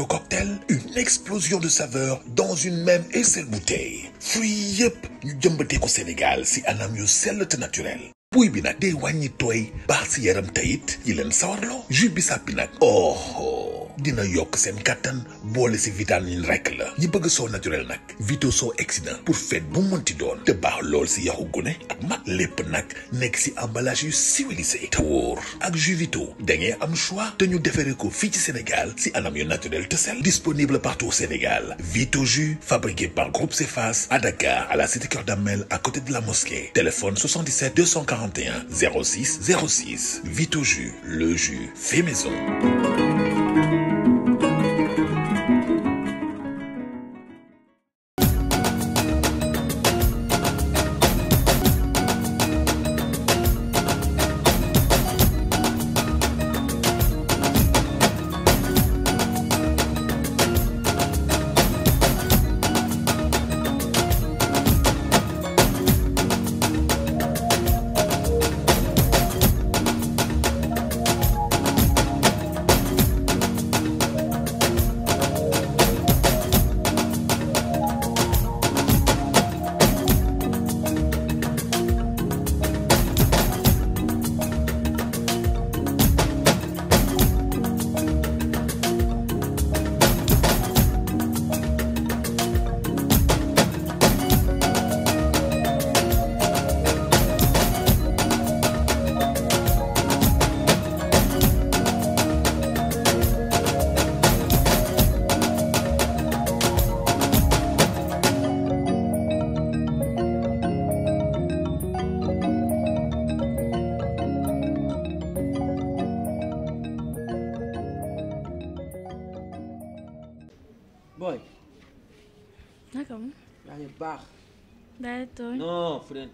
Cocktail, une explosion de saveurs dans une même et seule bouteille Fuyep, yep, sommes ñu jëmbatee ko Sénégal si anam yo sell naturel buy bi nag day wàññi tooy baax si yaram tayit yi bi pinac. oh. oh dina yok sen katan bolé si vitamine rek la ñi bëgg so naturel nak vito soo accident pour fête bu monti doon te baax lool si yaxu gune ak mag lépp nak si emballage yu civilisé Tour. ak jus vito da am choix te ñu déféré ko ci Sénégal si anam yu naturel te sel disponible partout au Sénégal vito jus fabriqué par Groupe Cefas à Dakar à la cité cœur Damel à côté de la mosquée téléphone 77 241 06 06 vito jus le jus fait maison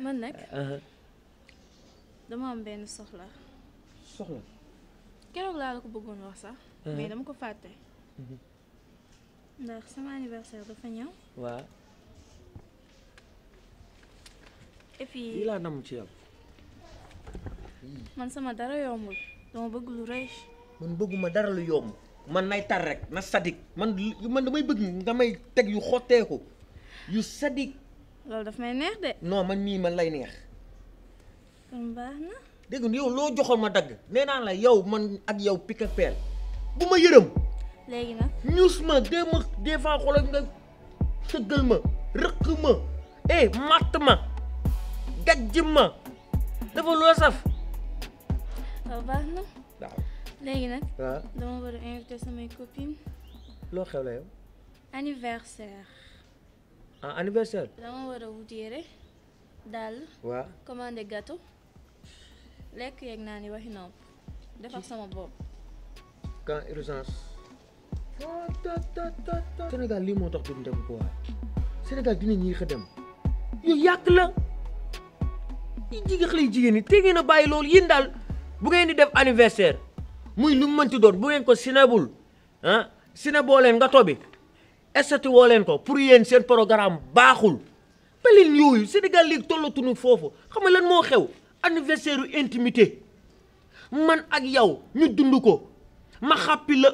man nag dama am benn soxla soxla keroog laa la ko bëggoon wax sax mais dama ko fàtte mhm. ndax sama anniversaire dafa ñëw waaw et puis lii laa nam ci yow man sama dara yombul dama bëgg lu rëy man bëgguma dara lu yomb man nay tar rek na sadik man man damay bëgg damay teg yu xotteeku yu sadik loolu daf may neex de. non man nii man lay neex. kon baax na. dégg yow loo joxoon ma dagg nee naa la yow man ak yow picc ak peel bu ma yërëm. léegi nag ñuus ma dee ma des fois xoolal nga sëggal ma rëq ma eh, matt ma gajj ma dafa loo saf. waaw baax na. léegi nag. waaw dama war a invité samay copines. loo xew la yow. Ah, anniversaire dama wara a wut yére dàll waaw gâteau lek yek nani waxi nopp defar sama bob quand urgence Sénégal li moo tax duñ dem quoi Sénégal dina ñi xëdem yu yak la yi jigi xale yi jigéen ñi te ngeen a bàyyi loolu yéen bu ngeen di def anniversaire muy lu mën mënti doon bu ngeen ko sinabul hein ah, sine nga tobi estati woo leen ko pour yéen seen programme baaxul ba leen yooyu Sénégal léegi tollatuñu foofu xam nga lan moo xew anniversaire u intimité man ak yow ñu dund ko ma xàppi la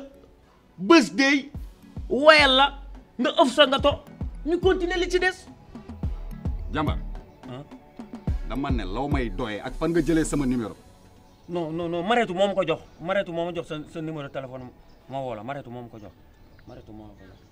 bés day woyal la nga ëf sa nga to ñu continuer li ci des jàmbar dama ne law may doyee ak fan nga jëlee sama numéro non non non mareetu moo ko jox mareetu moo ma jox sa sa numéro téléphone ma woo la mareetu moo ko jox mareetu moo ma ko jox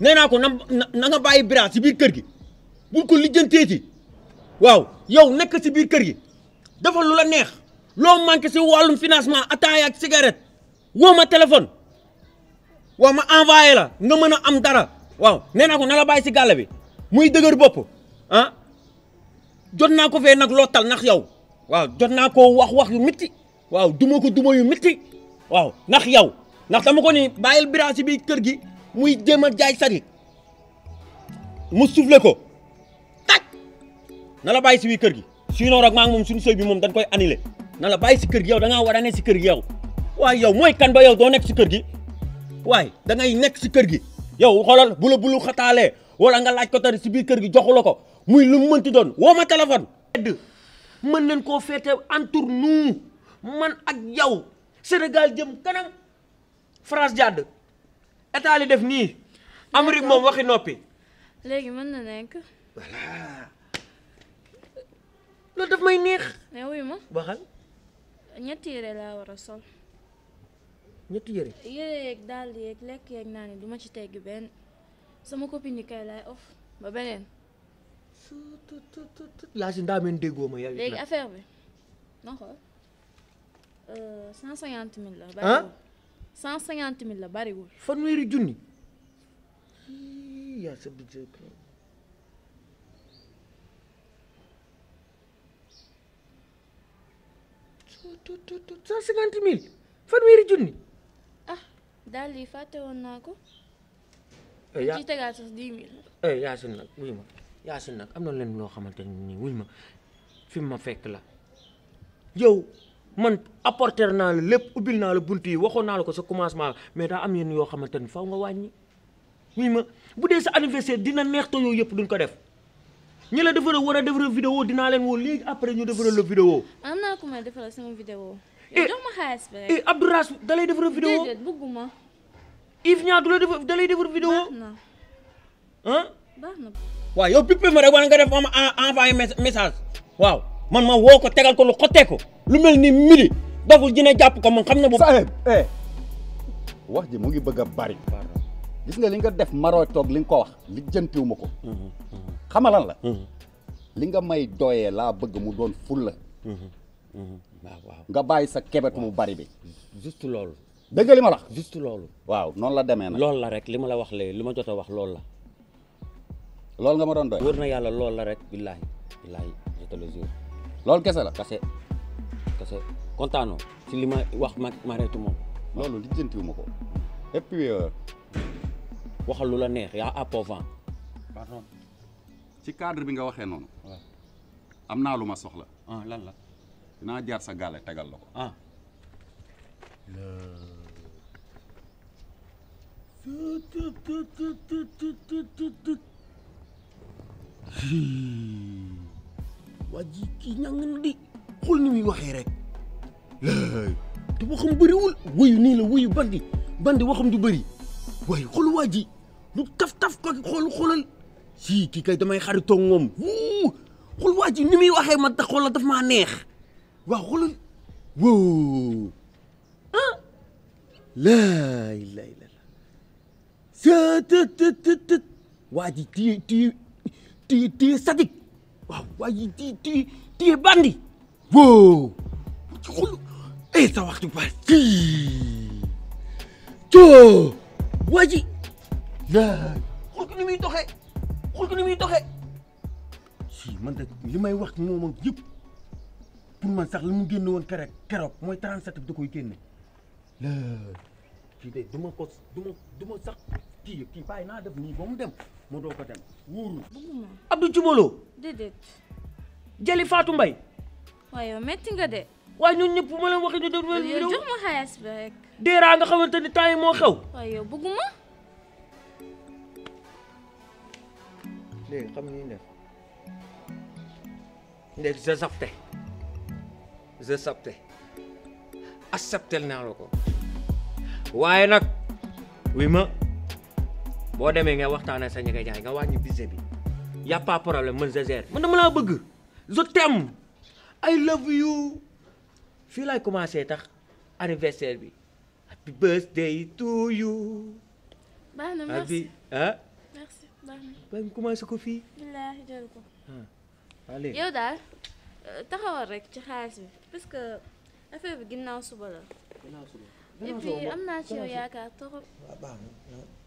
nee naa ko na na nga bàyyi Bira si biir kër gi bul ko lijjanteeti waaw yow nekk si biir kër gi dafa lu la neex loo manqué si wàllum financement ataaya ak cigarette woo ma téléphone waaw ma envoyé la nga mën a am dara waaw nee naa ko na la bàyyi si gàll bi muy dëgër bopp ah jot naa ko fee nag loo tal ndax yow waaw jot naa ko wax wax yu mitti waaw duma ko duma yu mitti waaw ndax yow ndax dama ko ni bàyyil Bira si biir kër gi. muy jéem a jaay sari mu soufflé ko tak na la bàyyi si biir kër gi sinon rek ma ngi mom suñu sey bi mom dañ koy annuler na la bàyyi si kër gi yow da nga wara a ci si kër gi yow way yow moy kan ba yow do nek si kër gi way da ngay nek si kër gi yow xolal bu la bulu xataalee wala nga laaj ko tari ci biir kër gi joxu la muy lu mu mënti doon ma téléphone. mën nañ koo féete entre nous man ak yow Sénégal jëm kanam France jadd état li def nii. Amérique moom waxi noppi. léegi mën na nekk. voilà. loolu daf may neex. mais wuy ma waxal. ñetti yére laa war a sol. ñetti yére. yére yeeg dàll yeeg lekk yeeg naa ne du ma ci teggi benn sama copine yi kay laay off ba beneen. yaa si ndaa meen déggoo ma yow. léegi affaire bi na xool euh, cent cinquante mille la. cent cinquante mille la bariwul. fanweeri junni. yaa sa budget cent cinquante mille fanweeri junni. ah daal lii fàtte woon naa ko. Eh, yaa ci tegaat eh, nag wuy ma yaasin nag am na leen loo xamante ne nii wuy ma fi ma fekk la yow. man apporter na la lepp ubil na la buntu yi waxoon na la ko sa commencement mais da am yeen yo xamanteni faaw nga wañi muy ma budé sa anniversaire dina neex to yoyep duñ ko def ñi la defal war defal vidéo dina len wo ligue après ñu defal la vidéo. am naa ku ma defal sama vidéo. Eh, jox ma xaalis ba. rek eh Abdourass da lay defaral vidéo déedéet bëgguma. Yves Niang du la defar da vidéo. Hein? na ah. Wa, na. waaw yow pippé ma rek wala nga def am envoyer message waaw. man ma woo ko tegal ko lu xottee ko lu mel ni midi doful dina jàpp ko moom xam na bu Saheb eh wax ji mu ngi bëgg a bari gis nga li nga def maroo toog li nga ko wax li jëntiw ko mhm, mhm. xamalan la mhm. li nga may doyee laa bëgg mu doon ful waaw nga bàyyi sa kebet mu bari bi justu loolu dégg li ma la justu loolu waaw noonu la demee nag loolu la rek li ma la wax léegi li ma jot a wax loolu la loolu nga ma doon doy wër na yàlla loolu la rek billaahi billaahi je loolu kese la. kase kase kontaanoo si li ma wax ma mareetu moom. loolu lijjantiwu ma ko et puis. Euh, waxal la neex yaa à provence. pardon. ci cadre bi nga waxee noonu. am naa lu ma soxla. ah lan la. dinaa jaar sa gaale tegal la ko. Ah. waa ji kii ñàng na di xool ni muy waxee rek laay te waxam bëriwul wuyu nii la wuyu bandi bandi waxam du bëri waaye xool waa ji lu taf-taf ko xool xoolal si kii kay damay xaritoo moom xool waa ji ni muy waxee man tax xool la daf neex waaw xoolal wow ah laay laay la sa të të të waa ji téye téye téye téye sadik waaw waaye di di di bandi. wow. xool eh sa waxtu ba sii. joo. waa ji. yaa. xool ko ni muy doxee. xool ko ni muy li may wax moom ak yëpp man sax li mu génn woon keroog keroog mooy 37 da koy génne. laa. kii de du ma ko du ma du ma sax. kii kii bàyyi naa def nii ba mu dem moo doo ko dem wóorul. Abdou Jumalo. déedéet. Jali Fatou Mbaye. waaw yow métti nga de. waaye ñun ñëpp ma leen waxee ñu dem. yow jox ma xaalis bi rek. Dera nga xamante ni temps moo xew. waaw yow bëgguma. léegi xam nga ni def léegi je sapte naa la ko waaye nag wi ma. boo demee nga waxtaan ak sa ñebe jaay nga wàññi budget bi y' a pas problème man je gère man dama laa bëgg je t'aime I love you fii laay commencé tax anniversaire bi happy birthday to you. baax na merci ah. merci baax na. commencé ko fii. wallaahi jël ko. waa léegi yow daal euh, taxawal rek ci xaalis bi parce que affaire bi ginnaaw suba la. ginnaaw suba et puis am naa ci yow yaakaar trop.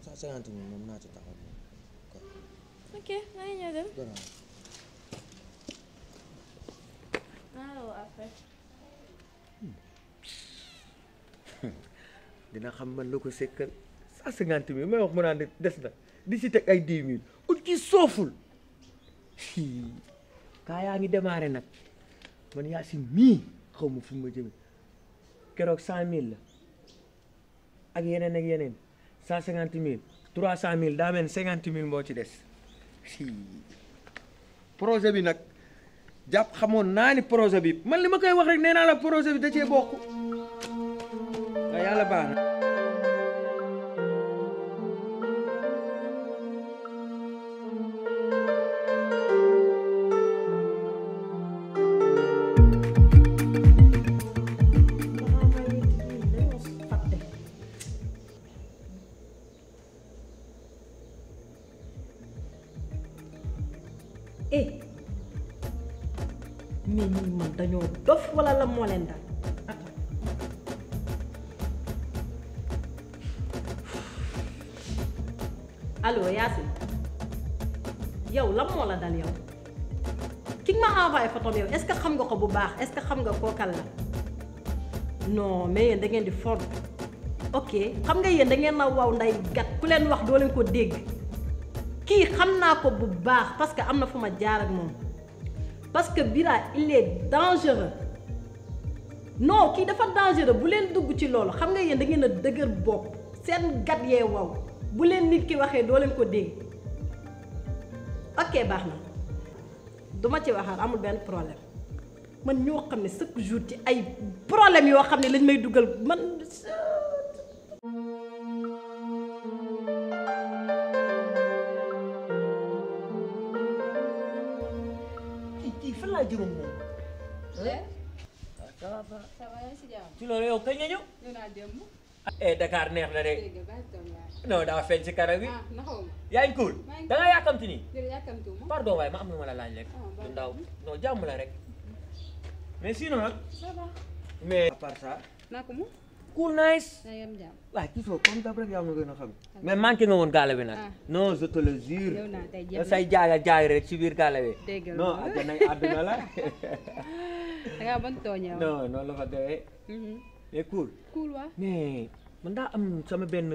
cent cinquante mille moom naa ci taxaw moom ok maa ngi ñëw dem hmm. dina xam man la ko sekkal cent cinquante mille mu naan des na di si teg ay di mille ut ci sooful kaa yaa ngi démarré nag man yaa si mii xaw ma fu ma jëme keroog cent mille la ak yeneen ak yeneen cent cinquante mille trois cent mille daa mel cinquante mille moo ci des projet bi nag jàpp xamoon naa ni projet bi man li ma koy wax rek nee naa la projet bi da cee bokk nga yàlla baax baax est-ce que xam nga kookal la non mais yéen da ngeen di for ok xam nga yéen da ngeen na wow nday gat ku leen wax doo leen ko dégg kii xam naa ko bu baax parce que am na fu ma jaar ak moom parce que Bira il est dangereux non kii dafa dangereux bu leen dugg ci loolu xam nga yéen da ngeen a dëgër bopp seen gat yee wow bu leen nit ki waxee doo leen ko dégg ok baax na duma ci waxaat amul benn problème man ñoo xam ne chaque jour ci ay problème yoo xam ne lañ may dugal man. kii fan laa jëloon moom. Eh? Eh? Ah, ça va ça va si jàmm. ci loolu yow kañ nga ñëw. ñëw naa démb. eh Dakar neex na de. non daa feeñ ci kanam wi. Ah, yaa ngi cool. da nga yàkkamti nii. pardon waaye ma am na ma la laaj rek. Ah, du ndaw non jàmm la rek. mais sinon nag. ça va. mais à part ça. naa ko mu. cool naa yem jàmm. waaw toujours comme d'hab rek yaa ma gën a xam. mais manqué nga woon gaale bi nag. non je te le yow naa tey jéem say jaay jaay rek ci biir gaale bi. dégg nga non la. da ngaa bon tooñee non la fa demee. mais cool. cool waaw mais man daa am mm, sama benn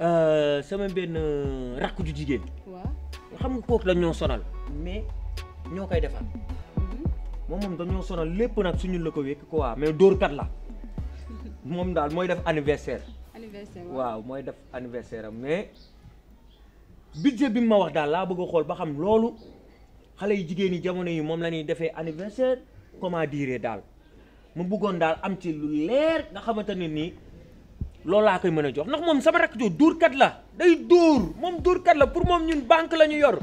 eh, sama benn rakk ju jigéen. waaw xam nga kooku la ñoo sonal. mais ñoo koy defar. mom moom dañoo sonal lepp nak suñu lako wék quoi mais kat la mom dal moy def anniversaire. anniversaire waaw moy def anniversaire mais budget bi ma wax dal la bëgg xol ba xam lolu xalé yi jigéen yi jamono yi mom lañuy défé anniversaire comment dire dal mu bëggon dal am ci lu leer nga xamante ni lolu la koy mëna jox nak mom sama jo door kat la day mom door kat la pour mom ñun banque lañu yor.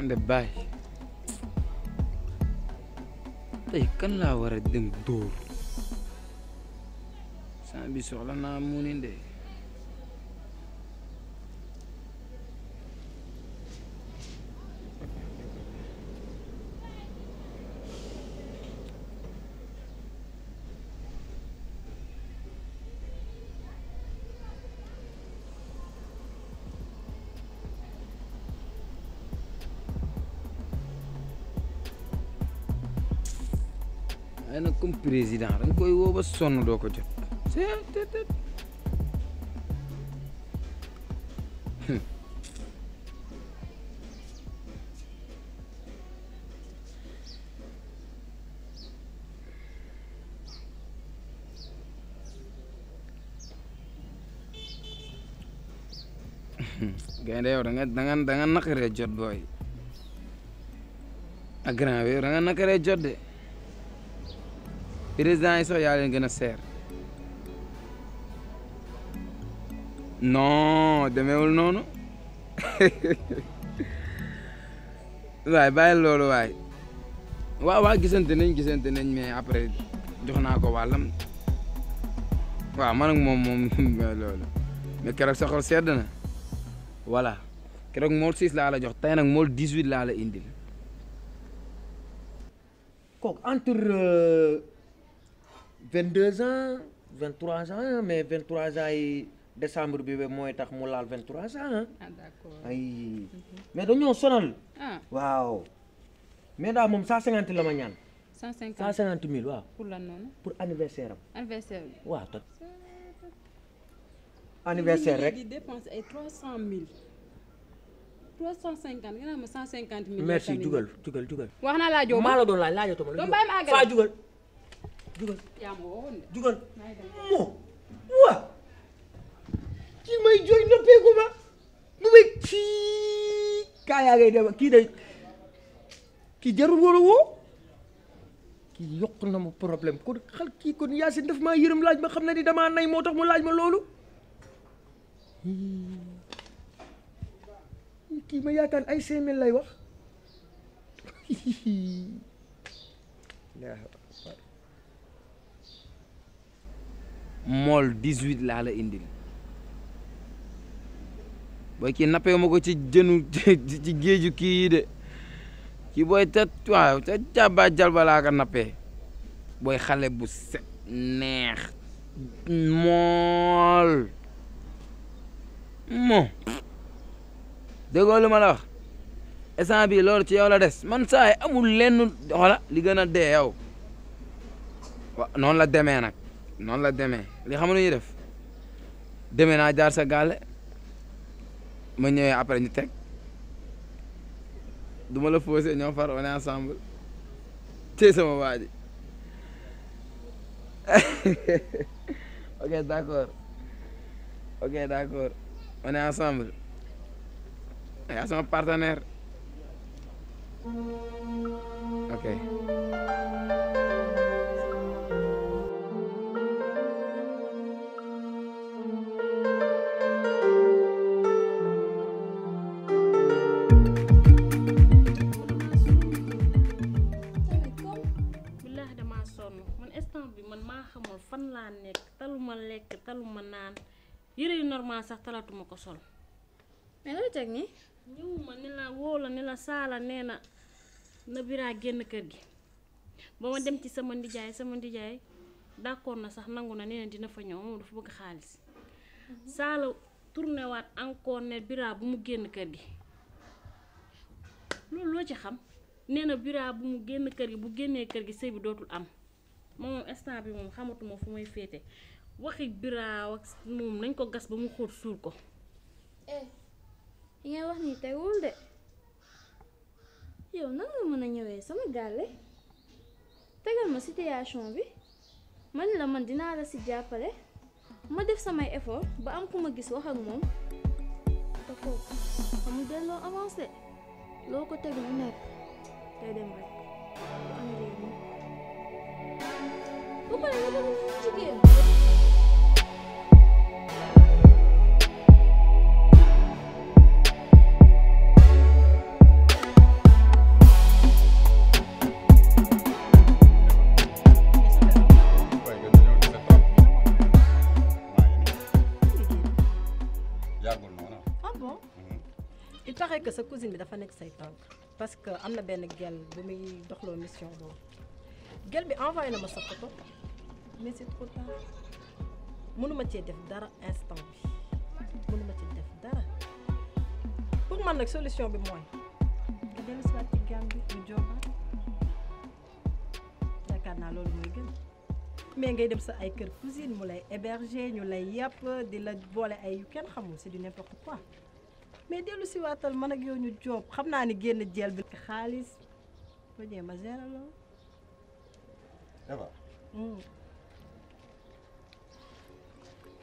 ande bàyyi. tey kan laa war a dem dóor sant bi soxla naa de waaye nag comme président da koy woo ba sonn doo ko jot c'est gaynde yow da nga da nga jot booy ak grand bi yow jot de président yi sax yaa leen gën a seer non demeewul noonu waaye bàyyi loolu waay waaw waaw gisante nañ gisante nañ mais après jox naa ko wàllam waaw man ak moom moom loolu mais keroog sa xol sedd na voilà keroog mool six laa la jox tey nag mool dix huit laa la indil 22 ans 23 ans mais 23 ans décembre bébé, moi, mooy tax 23 ans hein. ah. d'accord ay mhm. mais nous sonal. ah Waouh..! mais daal 150 la ñaan. 150 150 000 waaw. pour l'année non. pour anniversaire anniversaire Oui, toi. anniversaire rek dépense 300 000. 350 150 000. merci jugal jugal jugal. wax naa laajoo ma maa la doon laaj ma jugal yaa ma woowoon de jugal ma mu may kii kaa yaa ngay dem kii day kii jarul woon a woo kii na ma problème kon xal kii kon Yacine daf ma yërëm laaj ma xam na ni damaa nay moo tax mu laaj ma loolu kii ma yaakaar ay cinq mille lay wax mool dis laa la indil booy ki nappee ma ko ci jënu ci géeju kii yi de ci booy ta waaw ca jàbba jalba laa ko nappee booy xale bu set neex mool mo déggoo ma la wax instant bi loolu ci yow la des man saay amul lenn xoola li gën a dee yow wa noonu la demee nag noonu la demee li xam ñuy def demee naa jaar sa gaale ma ñëwee après ñu teg duma la fausser ñoo far on est ensemble tey sama waa ji ok d' accord ok d' accord on est ensemble yaa partenaire talaatuma ko sol mais looy teg nii ñëwuma ne la woo la ne la saala nee na na biraa génn kër gi ba ma dem ci sama ndijaay sama ndijaay d'accord na sax nangu na nee na dina fa ñëw moom dafa bëgg xaalis saala tourné waat encore ne biraa bu mu génn kër gi loolu loo ci xam nee na biraa bu mu génn kër gi bu génnee kër gi sëy bi dootul am moom instant bi moom xamatuma fu may féete waxi biraaw ak moom nañ ko gas ba mu xóot suul ko eh li ngay wax nii tegul de yow nan nga mën a ñëwee sama gàlle tegal ma situation bi man la man dinaa la si jàppale ma def samay effort ba am ku ma gis wax ak moom amul delloo avancé loo ko teg lu nekk day dem rek bu am njëriñ bu pare nga dem jigéen Ah il paraît que sa cousine est dafa nekk say parce que a na benn gueule de muy mission Elle gel envoyé mais c'est trop tard ne cee def dara instant bi ne peux def dara pour man la solution bi mooy nga dellu si ci Tu mais ngay dem sa ay cousine mu lay héberger ñu lay di la boole ay du n'importe quoi mais je si waatal man ak yow ñu ni génn bi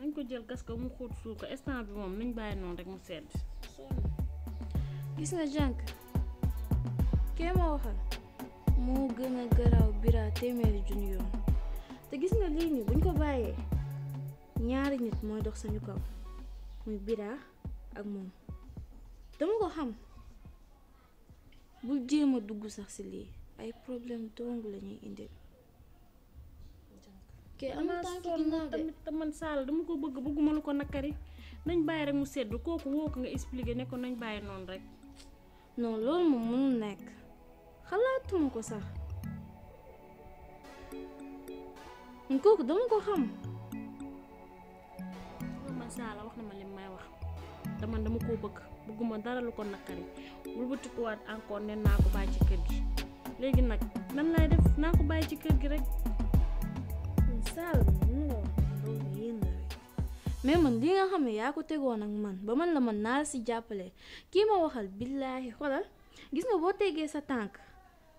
nañ ko jël gas ko mu xóot suur ko instant bi moom nañ bàyyi noonu rek mu sedd gis nga jànq kee waxal moo gën a garaaw bira téeméeri junni te gis nga lii nii buñ ko bàyyee ñaari nit mooy dox sañu kaw muy bira ak moom dama ko xam bu jéem a dugg sax ci lii ay problème dong lañuy ñuy indil ok amul tànk ginnaaw de man Sall dama ko bëgg bëgguma lu ko nakari nañ bàyyi rek mu sedd kooku woo ko nga expliqué bàyyi noonu rek. moom mënul nekk xalaatuma ko sax kooku dama may wax dama dama koo bëgg bëgguma dara ko nakari wëlbatikuwaat encore ne naa ko bàyyi ci kër gi léegi nag nan laay def naa ko bàyyi ci kër gi rek. mais man li nga xam ne yaa ko tegoon ak man ba man la mën naa si jàppale kii ma waxal billaahi xolal gis nga boo tegee sa tànk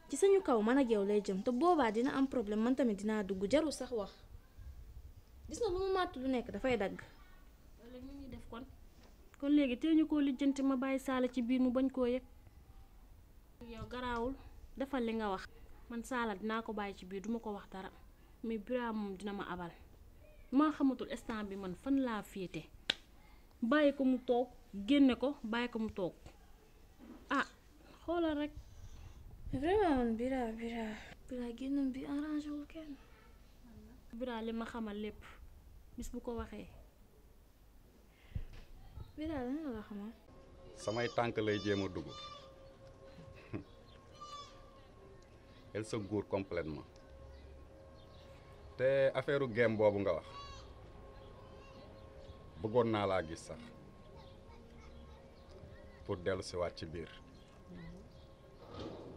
ci sañu kaw man a jaw lay jëm te boobaa dina am problème man tamit dinaa dugg jarul sax wax gis nga lu mu màtt lu nekk dafay dagg. def kon léegi tey ñu koo lijjanti ma bàyyi saala ci biir mu bañ koo yëg. yow garaawul defal li nga wax man saala dinaa ko bàyyi ci biir duma ko wax dara. mais Birame moom dina ma abal maa xamatul instant bi man fan laa féete bàyyi ko mu toog génne ko bàyyi ko mu toog ah xoolal rek. vraiment man Bira bi arrangé kenn. Bira li ma xamal lépp bis bu ko waxee. Bira lan la xamal. samay tànk lay jéem a dugg elle se gourre complètement te affaire game boobu nga wax bëggoon naa laa gis sax pour dellu si ci biir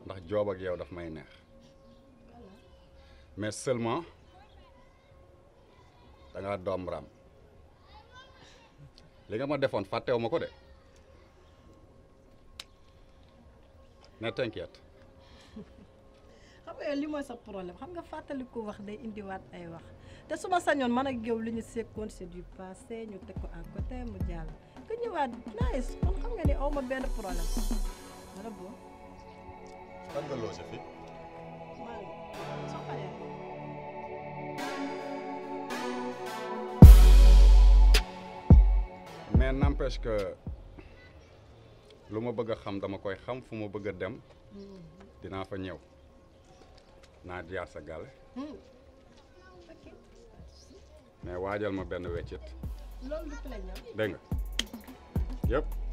ndax joob ak yow daf may neex mais seulement da doom ram li nga ma defoon fàttewu ma ko de ne xam nga li mooy sa problème xam nga fàttali ko wax day indiwaat ay wax te su ma sañoon man ak yow li ñu sekkoon c'est du passé ñu teg ko à côté mu jàll nga ñëwaat nice kon xam nga ni aw ma benn problème wala boo. fan nga loose fi. maa ngi de paree. mais n'empêche que lu ma bëgg a xam dama koy xam fu ma bëgg a dem mm-hmm. dinaa fa ñëw. naa jaar sa gàlle mais waajal ma benn weccit dégg nga